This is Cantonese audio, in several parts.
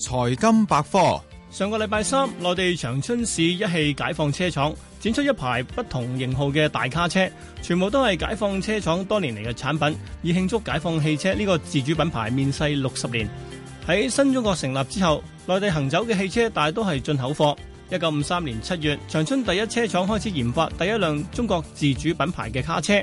財金百科。上個禮拜三，內地長春市一汽解放車廠展出一排不同型號嘅大卡車，全部都係解放車廠多年嚟嘅產品，以慶祝解放汽車呢個自主品牌面世六十年。喺新中國成立之後，內地行走嘅汽車大都係進口貨。一九五三年七月，長春第一車廠開始研發第一輛中國自主品牌嘅卡車。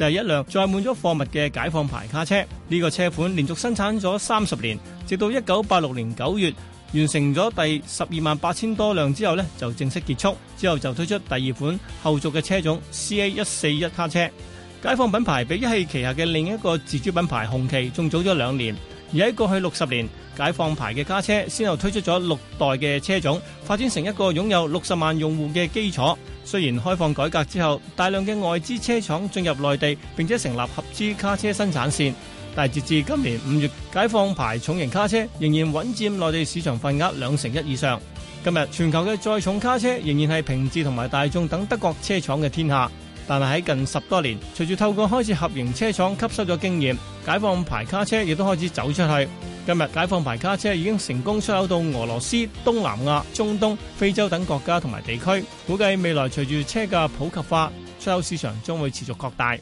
就係一輛載滿咗貨物嘅解放牌卡車，呢個車款連續生產咗三十年，直到一九八六年九月完成咗第十二萬八千多輛之後呢就正式結束。之後就推出第二款後續嘅車種 CA 一四一卡車。解放品牌比一汽旗下嘅另一個自主品牌紅旗仲早咗兩年。而喺過去六十年，解放牌嘅卡車先後推出咗六代嘅車種，發展成一個擁有六十萬用戶嘅基礎。雖然開放改革之後，大量嘅外資車廠進入內地，並且成立合資卡車生產線，但係截至今年五月，解放牌重型卡車仍然穩佔內地市場份額兩成一以上。今日，全球嘅載重卡車仍然係平治同埋大眾等德國車廠嘅天下。但係喺近十多年，隨住透過開設合營車廠，吸收咗經驗，解放牌卡車亦都開始走出去。今日解放牌卡車已經成功出口到俄羅斯、東南亞、中東、非洲等國家同埋地區。估計未來隨住車價普及化，出口市場將會持續擴大。